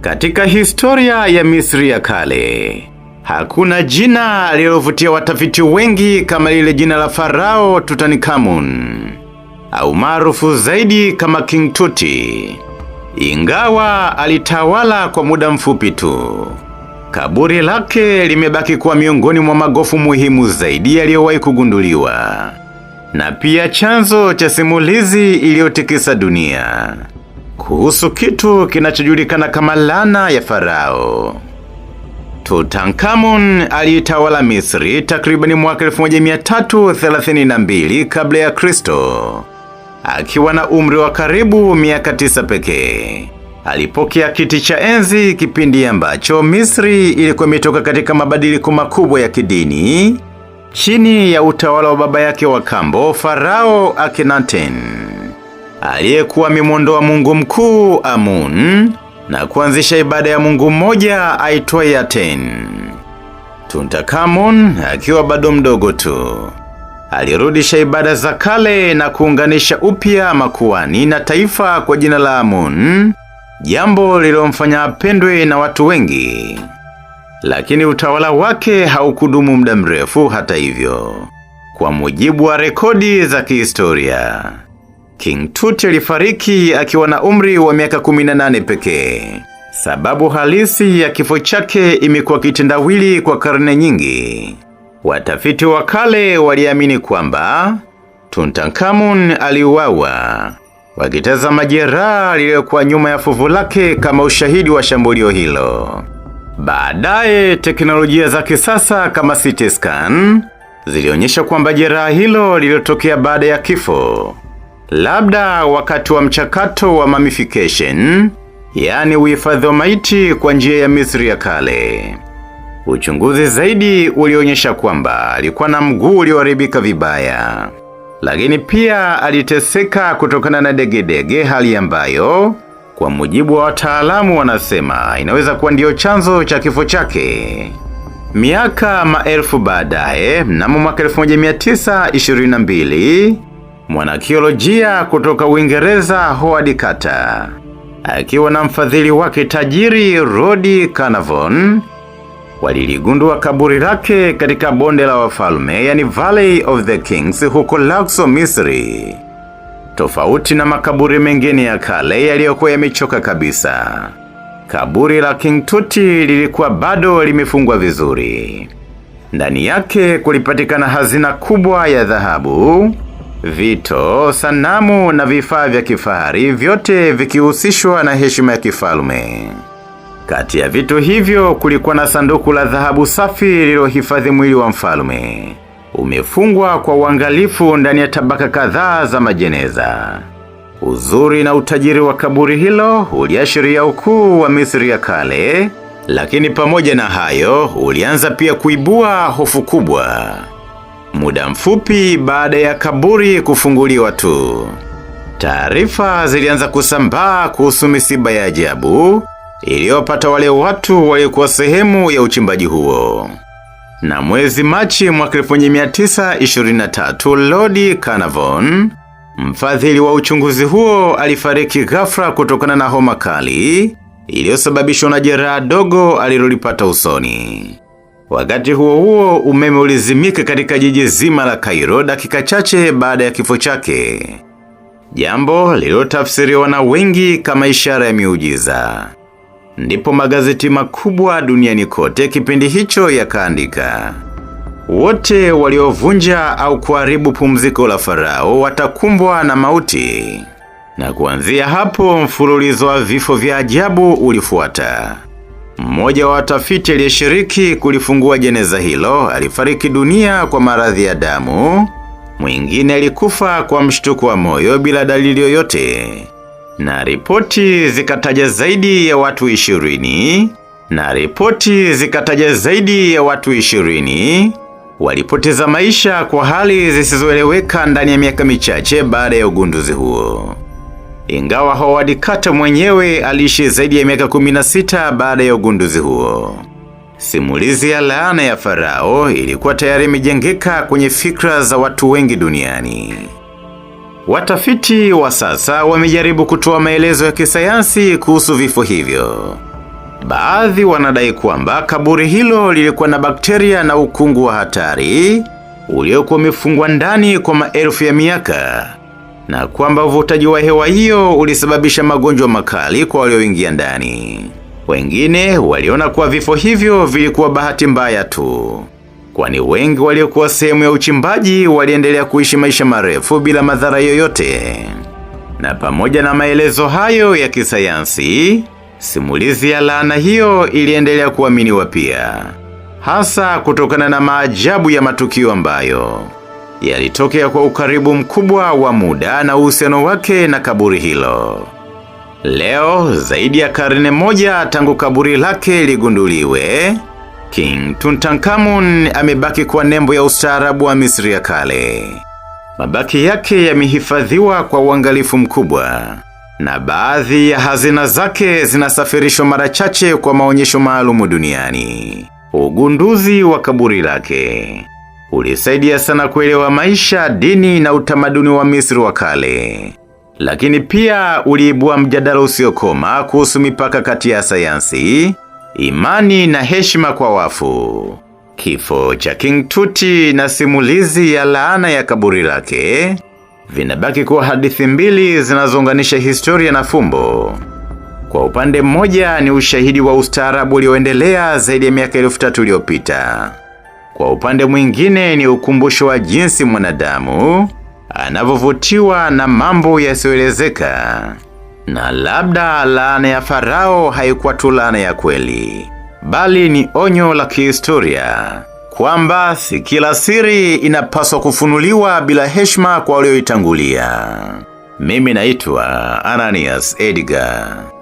Katika historia ya Misri ya kale, hakuna jina lililovutia watafiti wengi kama lile jina la Farao Tutankhamun au maarufu zaidi kama King Tut, ingawa alitawala kwa muda mfupi tu. Kaburi lake limebaki kuwa miongoni mwa magofu muhimu zaidi yaliyowahi kugunduliwa na pia chanzo cha simulizi iliyotikisa dunia kuhusu kitu kinachojulikana kama lana ya Farao. Tutankhamun aliitawala Misri takribani mwaka 1332 kabla ya Kristo akiwa na umri wa karibu miaka tisa pekee. Alipokea kiti cha enzi kipindi ambacho Misri ilikuwa imetoka katika mabadiliko makubwa ya kidini chini ya utawala wa baba yake wa kambo Farao Akhenaten aliyekuwa wa Mungu mkuu Amun na kuanzisha ibada ya Mungu mmoja aitwa yaten Tutankhamun akiwa bado mdogo tu alirudisha ibada za kale na kuunganisha upya makuani na taifa kwa jina la Amun, jambo lililomfanya apendwe na watu wengi, lakini utawala wake haukudumu muda mrefu. Hata hivyo, kwa mujibu wa rekodi za kihistoria King Tut alifariki akiwa na umri wa miaka 18 pekee. Sababu halisi ya kifo chake imekuwa kitendawili kwa karne nyingi. Watafiti wa kale waliamini kwamba Tutankhamun aliuawa, wakitazama jeraha lililokuwa nyuma ya fuvu lake kama ushahidi wa shambulio hilo. Baadaye teknolojia za kisasa kama CT scan zilionyesha kwamba jeraha hilo lililotokea baada ya kifo labda wakati wa mchakato wa mummification, yaani uhifadhi wa maiti kwa njia ya Misri ya kale. Uchunguzi zaidi ulionyesha kwamba alikuwa na mguu ulioharibika vibaya, lakini pia aliteseka kutokana na degedege, hali ambayo kwa mujibu wa wataalamu wanasema inaweza kuwa ndiyo chanzo cha kifo chake. Miaka maelfu baadaye, mnamo mwaka 1922 mwanakiolojia kutoka Uingereza Howard Carter akiwa na mfadhili wake tajiri Rodi Carnarvon waliligundua kaburi lake katika bonde la wafalme, yani Valley of the Kings, huko Luxor, Misri, tofauti na makaburi mengine ya kale yaliyokuwa yamechoka kabisa. Kaburi la King Tuti lilikuwa bado limefungwa vizuri. Ndani yake kulipatikana hazina kubwa ya dhahabu Vito, sanamu na vifaa vya kifahari vyote vikihusishwa na heshima ya kifalme. Kati ya vitu hivyo kulikuwa na sanduku la dhahabu safi lililohifadhi mwili wa mfalme. Umefungwa kwa uangalifu ndani ya tabaka kadhaa za majeneza. Uzuri na utajiri wa kaburi hilo uliashiria ukuu wa Misri ya kale, lakini pamoja na hayo ulianza pia kuibua hofu kubwa muda mfupi baada ya kaburi kufunguliwa tu. Taarifa zilianza kusambaa kuhusu misiba ya ajabu iliyopata wale watu waliokuwa sehemu ya uchimbaji huo. Na mwezi Machi mwaka 1923, Lord Carnarvon, mfadhili wa uchunguzi huo, alifariki ghafla kutokana na homa kali iliyosababishwa na jeraha dogo alilolipata usoni. Wakati huo huo, umeme ulizimika katika jiji zima la Cairo dakika chache baada ya kifo chake, jambo lililotafsiriwa na wengi kama ishara ya miujiza. Ndipo magazeti makubwa duniani kote kipindi hicho yakaandika, wote waliovunja au kuharibu pumziko la Farao watakumbwa na mauti, na kuanzia hapo mfululizo wa vifo vya ajabu ulifuata. Mmoja wa watafiti aliyeshiriki kulifungua jeneza hilo alifariki dunia kwa maradhi ya damu, mwingine alikufa kwa mshtuko wa moyo bila dalili yoyote, na ripoti zikataja zaidi ya watu ishirini na ripoti zikataja zaidi ya watu ishirini walipoteza maisha kwa hali zisizoeleweka ndani ya miaka michache baada ya ugunduzi huo ingawa Howard Carter mwenyewe aliishi zaidi ya miaka 16 baada ya ugunduzi huo. Simulizi ya laana ya Farao ilikuwa tayari imejengeka kwenye fikra za watu wengi duniani. Watafiti wa sasa wamejaribu kutoa maelezo ya kisayansi kuhusu vifo hivyo. Baadhi wanadai kwamba kaburi hilo lilikuwa na bakteria na ukungu wa hatari uliokuwa umefungwa ndani kwa maelfu ya miaka na kwamba uvutaji wa hewa hiyo ulisababisha magonjwa makali kwa walioingia ndani. Wengine waliona kuwa vifo hivyo vilikuwa bahati mbaya tu, kwani wengi waliokuwa sehemu ya uchimbaji waliendelea kuishi maisha marefu bila madhara yoyote. Na pamoja na maelezo hayo ya kisayansi, simulizi ya laana hiyo iliendelea kuaminiwa pia, hasa kutokana na maajabu ya matukio ambayo yalitokea kwa ukaribu mkubwa wa muda na uhusiano wake na kaburi hilo. Leo zaidi ya karne moja tangu kaburi lake ligunduliwe, King Tutankhamun amebaki kwa nembo ya ustaarabu wa Misri ya kale. Mabaki yake yamehifadhiwa kwa uangalifu mkubwa na baadhi ya hazina zake zinasafirishwa mara chache kwa maonyesho maalumu duniani. Ugunduzi wa kaburi lake ulisaidia sana kuelewa maisha, dini na utamaduni wa Misri wa kale, lakini pia uliibua mjadala usiokoma kuhusu mipaka kati ya sayansi, imani na heshima kwa wafu. Kifo cha King Tuti na simulizi ya laana ya kaburi lake vinabaki kuwa hadithi mbili zinazounganisha historia na fumbo. Kwa upande mmoja ni ushahidi wa ustaarabu ulioendelea zaidi ya miaka elfu tatu iliyopita kwa upande mwingine ni ukumbusho wa jinsi mwanadamu anavovutiwa na mambo yasiyoelezeka. Na labda laana ya Farao haikuwa tu laana ya kweli, bali ni onyo la kihistoria kwamba si kila siri inapaswa kufunuliwa bila heshima kwa walioitangulia. Mimi naitwa Ananias Edgar.